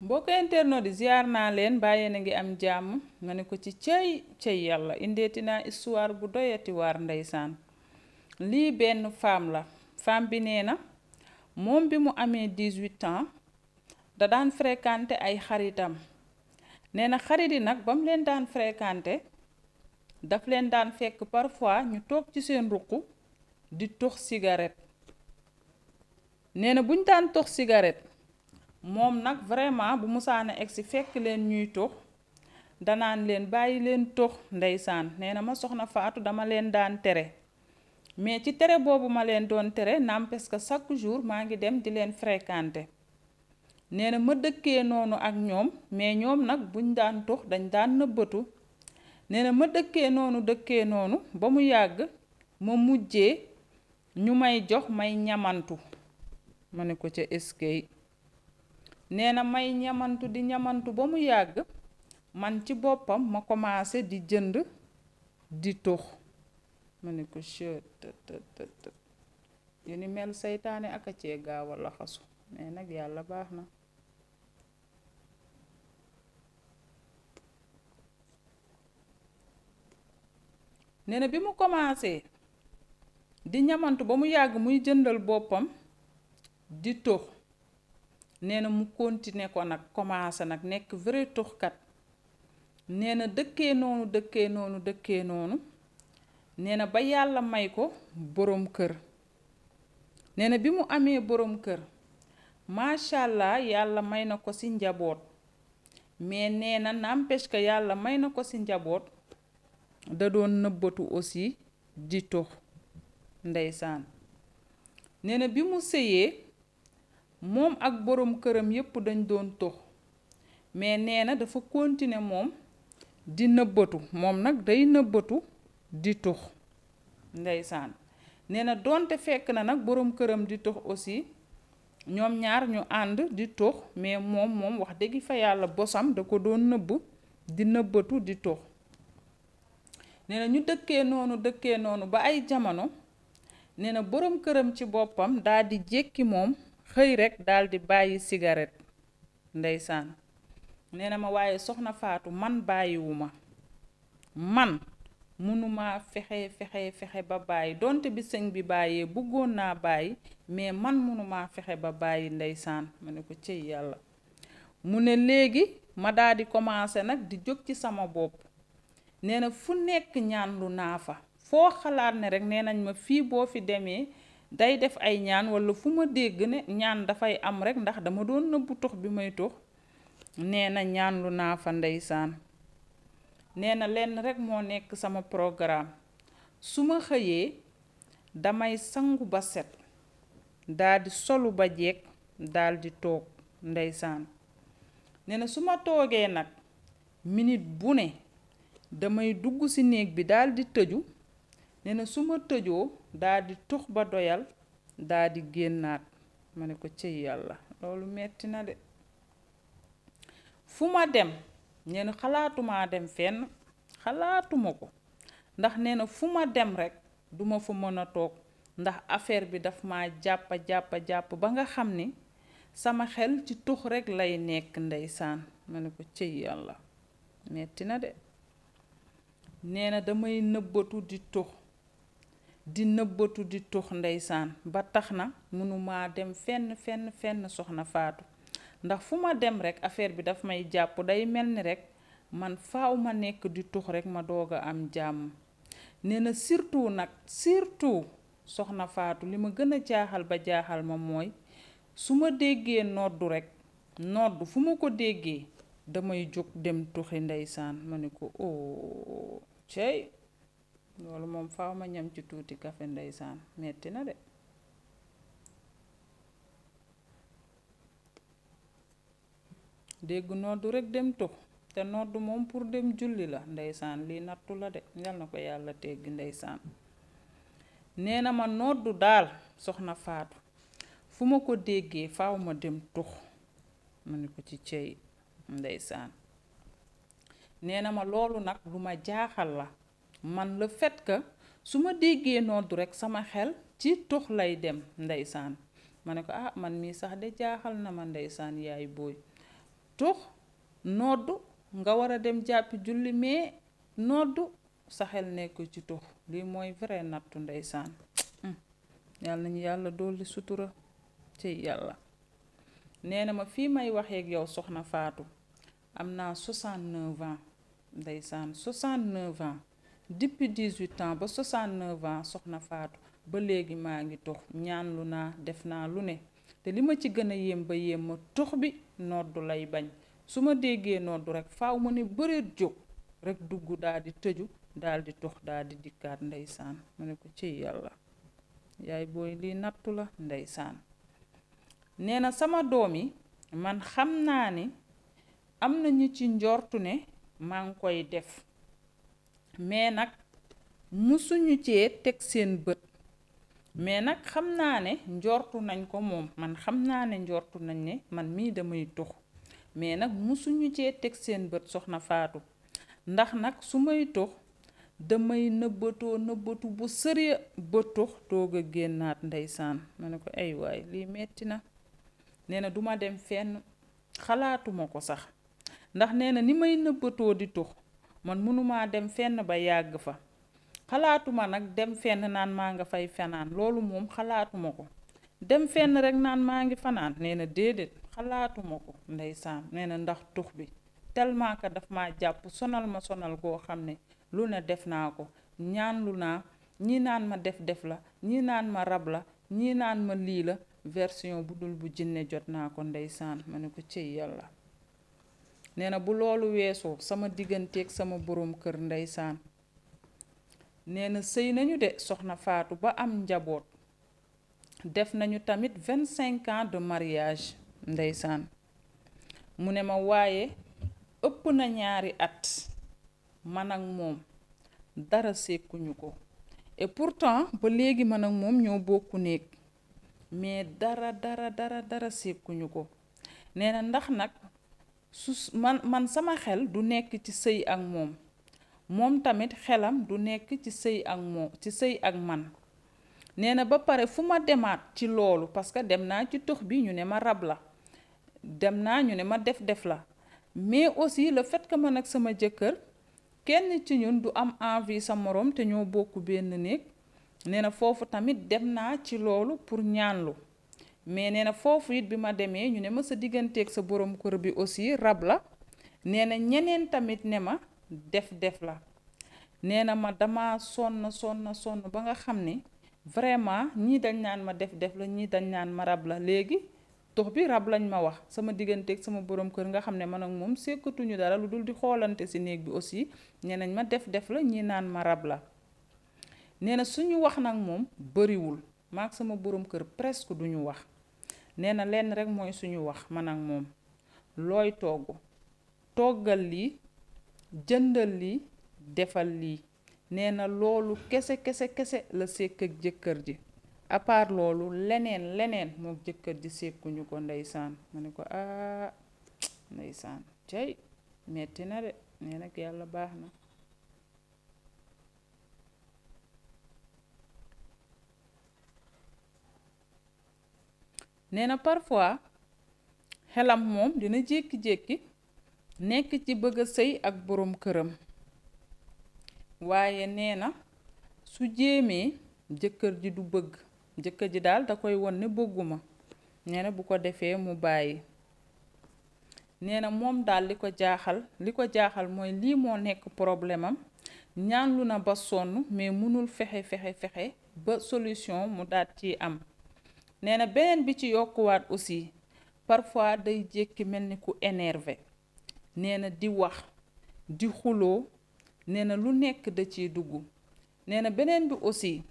mbokk internet di ziar naa leen baa yéen a ngi am jàmm nga ne ko ci cëy cëy yàlla indeeti naa histoire bu doyati waar ndeysaan lii benn femme la femme bi nee na moom bi mu amee 18 ans da daan fréquenté ay xaritam nee na xarit yi nag bam leen daan fréquenté daf leen daan fekk parfois ñu toog ci seen ruq di tux cigarette na bu ñu daan tux moom nag vraiment bu musaana egg si fekk leen ñuy tux danaan leen bàyyi leen tux ndeysaan nee na ma soxna Faatu dama leen daan tere mais ci tere boobu ma leen doon tere n'empêche que chaque jour maa ngi dem di leen fréquenter nee na ma dëkkee noonu ak ñoom mais ñoom nag buñ daan tux dañ daan nëbbatu nee na ma dëkkee noonu dëkkee noonu ba mu yàgg ma mujjee ñu may jox may ñamantu ma ne ko ca eskay nee may ñamantu di ñamantu ba mu yàgg man ci boppam ma commencé di jënd di tux ma ne ko chëtëtëtët yu ni mel seytaane ak a cee gaaw a laxasu mais nag yàlla baax na nee na bi mu commencé di ñamantu ba mu yàgg muy jëndal boppam di tux nee na mu continuer ko nag commencé nag nekk vrai tuxkat nee na dëkkee noonu dëkkee noonu dëkkee noonu nee na ba yàlla may ko boroom kër nee na bi mu amee boroom kër macha allah yàlla may na ko ci njaboot mais nee na n'empêche yàlla may na ko ci njaboot da doon nëbbatu aussi di tux ndeysaan nee na bi mu sëyee moom ak boroom këram yépp dañ doon tox mais nee na dafa kontine moom di nëbbatu moom nag day nëbbatu di tux ndeysaan nee na doonte fekk na nag boroom këram di tux aussi ñoom ñaar ñu ànd di tux mais moom moom wax dëgg fa yàlla bosam da ko doon nëbb di nëbbatu di tux nee na ñu dëkkee noonu dëkkee noonu ba ay jamono nee na boroom këram ci boppam daal di jékki moom xëy rekk daldi bàyyi cigarette ndeysaan nee na ma waaye soxna faatu man bàyyiwu ma man mënuma fexe fexe ba bàyyi donte bi bi bàyyee bëggoon naa bàyyi mais man mënuma fexe ba bàyyi ndeysaan ma ne ko cëy yàlla mu ne léegi ma daldi di nag di jóg ci sama bopp nee na fu nekk ñaan lu naa fa foo xalaat ne rek nee nañ ma fii boo fi demee day def ay ñaan wala fu ma dégg ne ñaan dafay am rekk ndax dama doon nëbbu tux bi may tux nee na ñaan lu naa fa ndeysaan nee na lenn rekk moo nekk sama programme su ma xëyee damay sangu ba set daldi solu ba jeeg daldi toog ndeysaan nee na su ma toogee nag minit bu ne damay dugg ci néeg bi daldi tëju nee na su ma tëjoo daa tux ba doyal daa génnaat ma ne ko cëy yàlla loolu metti na de fu ma dem nee na xalaatumaa dem fenn xalaatuma ko ndax nee na fu ma dem rekk duma fa mën a toog ndax affaire bi dafa ma jàpp jàpp jàpp ba nga xam ni sama xel ci tux rekk lay nekk ndeysaan ma ne ko cëy yàlla metti na de nee na damay nëbbatu di tux di nëbbatu di tux ndeysaan ba tax na mënumaa dem fenn fenn fenn soxna faatu ndax fu ma dem rek affaire bi dafa may jàpp day mel ni rek man faaw ma nekk di tux rek ma doog a am jàmm nee na surtout nag sirtu soxna faatu li ma gën a jaaxal ba jaaxal ma mooy su ma déggee noddu rek noddu fu ma ko déggee damay jóg dem tuxi ndeysaan ma ni ko o oh, cey loolu moom faaw ma ñam ci tuuti kafe ndeysaan metti na de dégg noddu rekk dem tux te noddu moom pour dem julli la ndeysaan li nattu la de yal na ko yàlla teggi ndeysaan nee na ma noddu daal soxna faatu fu ma ko déggee faaw ma dem tux ma ni ko ci cey ndeysaan nee na ma loolu nag lu ma jaaxal la man la fait que su ma déggee noddu rekk sama xel ci tux lay dem ndeysaan ma ne ko ah man mii sax de jaaxal na ma ndeysaan yaay booy tux noddu nga war a dem jàpp julli mais noddu sa xel nekk ci tux lii mooy vrai nattu ndeysaan hmm. yàlla nañu yàlla dolli sutura ci yàlla nee na ma fi may waxee yow soxna Faatu am naa 69 ans ndeysaan 69 ans depuis 18 ans ba 69 ans soxna Faatu ba léegi maa ngi tux ñaan naa def naa lu ne te li ma ci gën a yéem ba yéem ma tux bi noddu lay bañ su ma déggee noddu rek faw ma ne bëreet jóg rek dugg daal tëju daal di tux daal dikkaat ndeysaan ma ne ko ci yàlla yaay booy lii nattu la ndeysaan nee na sama doom yi man xam naa ne am na ñu ci njortu ne maa ngi koy def mais nag mu suñu cee teg seen bët mais nag xam naa ne njortu nañ ko moom man xam naa ne njortu nañ ne man mii damay tux mais nag musuñu cee teg seen bët soxna Faatu ndax nag su may tux damay nëbbatoo nëbbatu bu sëriya ba tux toog a génnaat ndeysaan ma ne ko ay waay lii metti na nee na duma dem fenn xalaatuma ko sax ndax nee na ni may nëbbatoo di tux man mënumaa dem fenn ba yàgg fa xalaatuma nag dem fenn naan maa nga fay fanaan loolu moom xalaatuma ko dem fenn rek naan maa ngi fanaan nee na déedéet xalaatuma ko ndeysaan nee na ndax tux bi tellement que daf ma jàpp sonal ma sonal koo xam ne lu ne def naa ko ñaan lu naa ñii naan ma def def la ñii naan ma rab la ñii naan ma lii la version bu dul bu jinne jot naa ko ndeysaan ma ne ko cëy yàlla nee na bu loolu weesoo sama digganteeg sama boroom kër ndeysaan nee na sëy nañu de soxna Faatu ba am njaboot def nañu tamit vingt cinq ans de mariage ndeysaan mu ne ma waaye ëpp na ñaari at man ak moom dara sekkuñu ko et pourtant ba léegi man ak moom ñoo bokku néeg mais dara dara dara dara sekkuñu ko nee ndax nag su man man sama xel du nekk ci sëy ak moom moom tamit xelam du nekk ci sëy ak moom ci sëy ak man nee na ba pare fu ma demaat ci loolu parce que dem naa ci tux bi ñu ne ma rab la dem naa ñu ne ma def def la mais aussi la fait que ak sama jëkkër kenn ci ñun du am envie sa morom te ñoo bokk benn néeg nee na foofu tamit dem naa ci loolu pour ñaanlu mais nee na foofu it bi ma demee ñu ne ma sa digganteek sa borom kër bi aussi rab la nee na ñeneen tamit ne ma def def la nee na ma dama sonn sonn sonn ba nga xam ne vraiment ñii dañ naan ma def def la ñii dañ naan ma rab la léegi tox bi rab lañ ma wax sama digganteeg sama borom kër nga xam ne man ak moom sekkatuñu dara lu dul di xoolante si néeg bi aussi nee ma def def la ñii naan ma rab la nee na suñu wax nag moom bëriwul maak sama borom kër presque duñu wax nee na lenn rek mooy suñu wax man ak moom looy togg toggal lii jëndal lii defal lii nee na loolu kese kese kese la sekk ak jëkkër ji à part loolu leneen leneen moom jëkkër ji sekkuñu ko ndeysaan ma ne ko ah ndeysaan cey metti na de nee nag yàlla baax na nee na parfois xelam moom dina jékki-jékki nekk ci bëgg a sëy ak boroom këram waaye nee na su jéemee jëkkër ji du bëgg jëkkër ji daal da koy won ne bëgguma nee bu ko defee mu bàyyi nee na moom daal li ko jaaxal li ko jaaxal mooy lii moo nekk problème am ñaanlu na ba sonn mais mënul fexe fexe fexe ba solution mu daat ciy am nee na beneen bi ci yokkuwaat aussi parfois day jékki mel ni ku énervé nee na di wax di xuloo nee na lu nekk da ci dugg nee na beneen bi aussi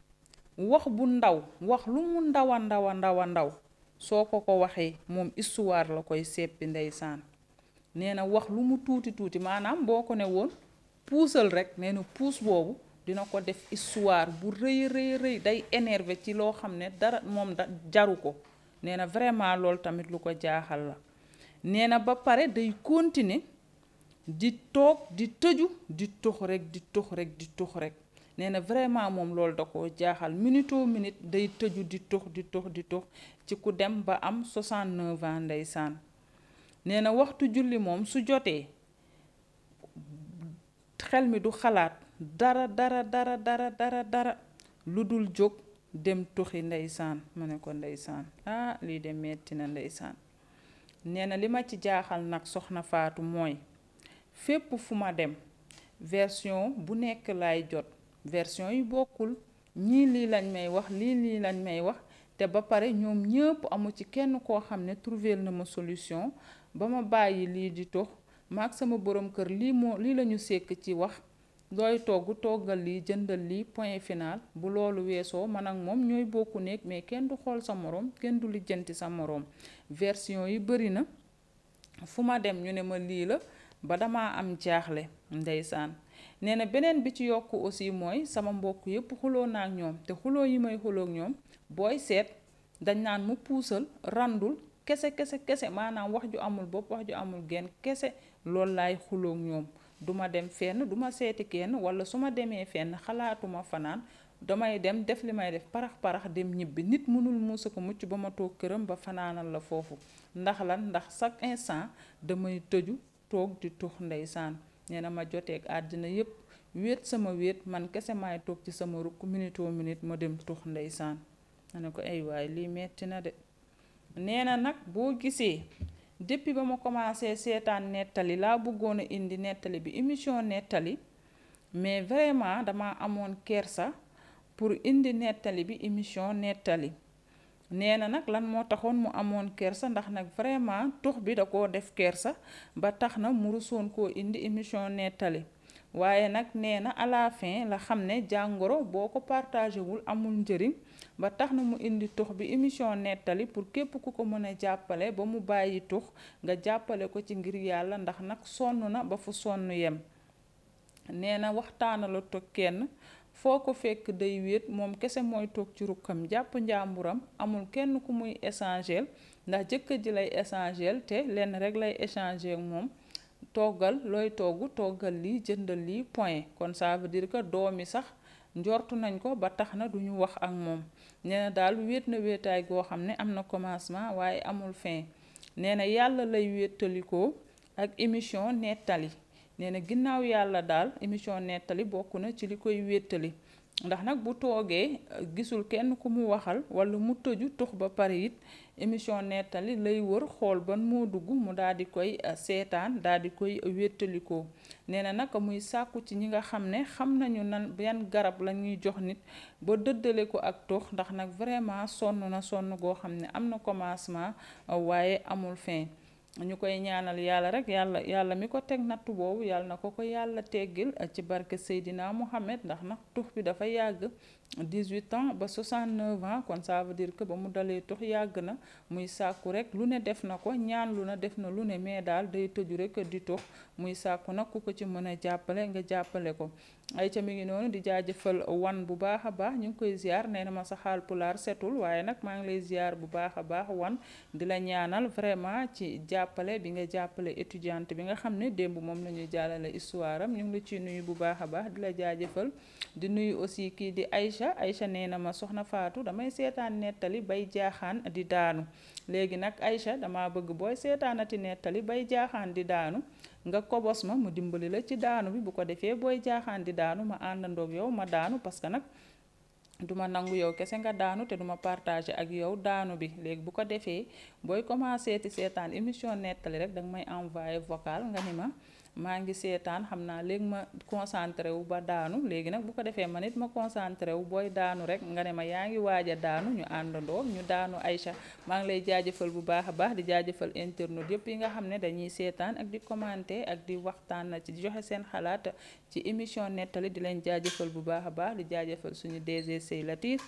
wax bu ndaw wax lu mu ndaw a ndaw ndaw soo ko ko waxee moom histoire la koy seppi ndeysaan nee na wax lu mu tuuti tuuti maanaam boo ko ne woon puusal rek nee na puus boobu dina ko def histoire bu rëy rëy rëy day énervé ci loo xam ne dara moom da jaru ko nee na vraiment loolu tamit lu ko jaaxal la nee na ba pare day continuer di toog di tëju di tux rek di tux rek di tux rek nee na vraiment moom loolu da ko jaaxal minute au minute day tëju di tux di tux di tux ci ku dem ba am 69 ans ndeysaan nee na waxtu julli moom su jotee xel mi du xalaat dara dara dara dara dara dara lu dul jóg dem tuxi ndeysaan ma ne ko ndeysaan ah lii de metti na ndeysaan nee na li ma ci jaaxal nag soxna Faatu mooy fépp fu ma dem version bu nekk lay jot version yi bokkul ñii lii lañ may wax lii lii lañ may wax te ba pare ñoom ñëpp amu ci kenn koo xam ne trouver na ma solution ba ma bàyyi lii di tox maag sama boroom kër lii moo lii lañu sekk ci wax looy togg toggal lii jëndal lii point final bu loolu weesoo man ak moom ñooy bokku nekk mais kenn du xool sa moroom kenn du lijjanti sa moroom version yi bëri na fu ma dem ñu ne ma lii la ba dama am jaaxle ndeysaan nee na beneen bi ci yokk aussi mooy sama mbokk yépp xuloo naa ñoom te xuloo yi may xuloo ñoom booy seet dañ naan mu puusal randul kese kese kese maanaam wax ju amul bopp wax ju amul genn kese loolu laay xuloo ak ñoom duma dem fenn duma seeti kenn wala su ma demee fenn xalaatuma fanaan damay dem def li may def parax parax dem ñibbi nit mënul muusa ko mucc ba ma toog këram ba fanaanal la foofu ndax lan ndax chaque instant damay tëju toog di tux ndeysaan nee na ma joteeg àddina yépp wéet sama wéet man kese may toog ci sama rukk minute minute ma dem tux ndeysaan ma ne ko ay waay lii metti na de nee na nag boo gisee depuis ba ma commencé seetaan nettali laa bëggoon a indi nettali bi émission nettali mais vraiment dama amoon kersa pour indi nettali bi émission nettali nee na nag lan moo taxoon mu amoon kersa ndax nag vraiment tux bi da koo def kersa ba tax na mu rusoon koo indi émission nettali waaye nag nee na à la fin la xam ne jàngoro boo ko partagé wul amul njëriñ ba tax na mu indi tux bi émission nettali pour képp ku ko mën a jàppale ba mu bàyyi tux nga jàppale ko ci ngir yàlla ndax nag sonn na ba fu sonn yem nee na waxtaana la toog kenn foo ko fekk day wéet moom kese mooy toog ci rukkam jàpp njàmburam amul kenn ku muy échangel ndax jëkkër ji lay échangel te lenn rek lay échanger ak moom toggal looy togg toggal li jëndal lii point kon ça veut dire que doomi sax njortu nañ ko ba tax na duñu wax ak moom nee daal wéet na wéetaay goo xam ne am na commencement waaye amul fin nee na yàlla lay wéetalikoo ak émission nettali nee na ginnaaw yàlla daal émission nettali bokk na ci li koy wéttali ndax nag bu toogee euh, gisul kenn ku mu waxal wala mu tëju tux ba pare it émission nettali lay wër xool ban moo dugg mu daal di koy euh, seetaan daal di koy wéttalikoo nee na nag muy sàkku ci ñi nga xam ne xam nañu nan yan garab la ñuy jox nit ba dëddale ko ak tux ndax nag vraiment sonn na sonn goo xam ne am na commencement waaye amul fin ñu koy ñaanal yàlla rek yàlla yàlla mi ko teg nattu boobu yàlla na ko ko yàlla teggil eh, ci barke Seydina Mohamed ndax nag tux bi dafa yàgg 18 ans ba 69 ans kon ça veut que ba mu dalee tux yàgg na muy sàkku rek lu ne def na ko ñaan lu na def na lu ne mais daal day tëju rek di tux muy sàkku nag ku ko ci mën a jàppale nga jàppale ko ay ca mi ngi noonu di jaajëfal wan bu baax a baax ñu ngi koy ziar nee na ma sa xaal pulaar setul waaye nag maa ngi lay ziar bu baax a baax wan di la ñaanal vraiment ci jàppale bi nga jàppale étudiante bi nga xam ne démb moom la ñuy jàllale histoire am ñu ngi la ciy nuyu bu baax a baax di la jaajëfal di nuyu aussi kii di Aïcha Aïcha nee na ma soxna Faatu damay seetaan nettali bay jaaxaan di daanu léegi nag Aïcha dama bëgg booy seetaanati nettali bay jaaxaan di daanu nga kobos ma mu dimbali la ci daanu bi bu ko defee booy jaaxaan daanu ma àndandoog yow ma daanu parce que nag duma nangu yow kese nga daanu te duma partager ak yow daanu bi léegi bu ko defee booy commencé ti seetaan émission nettali rek danga may envoyé vocal nga ni ma maa ngi seetaan xam naa léegi ma concentré wu ba daanu léegi nag bu ko defee ma it ma concentré wu booy daanu rek nga ne ma yaa ngi waaj a daanu ñu àndandoo ñu daanu Aïcha maa ngi lay jaajëfal bu baax a baax di jaajëfal internet yëpp yi nga xam ne dañuy seetaan ak di commenter ak di waxtaan na ci di joxe seen xalaat ci émission nettali di leen jaajëfal bu baax a baax di jaajëfal suñu DG Sey Latif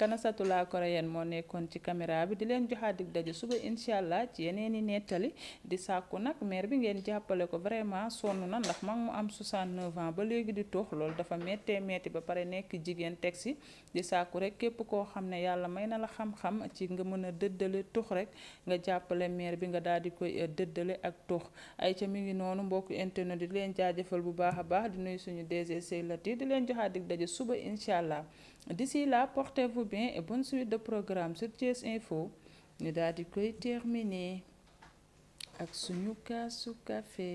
Kanasatou la Coréenne moo nekkoon ci caméra bi di leen joxaat dig daje suba incha allah ci yeneen i nettali di sàkku nag mair bi ngeen jàppale ko vraiment sonn na ndax mag mu am 69 ans ba léegi di toox loolu dafa méttee métti ba pare nekk jigéen teg si di sàkku rek képp koo xam ne yàlla may na la xam-xam ci nga mën a dëddale tux rek nga jàppale mair bi nga daal di koy euh, dëddale ak tux ay ca mi ngi noonu mbokk internet di leen jaajëfal bu baax a baax di nuyu suñu DG Sey Latir di leen joxaat dig daje suba incha allah D'ici là, portez-vous bien et bonne suite de programme sur Thiès Info. ñu daal di koy terminer ak suñu kaasu café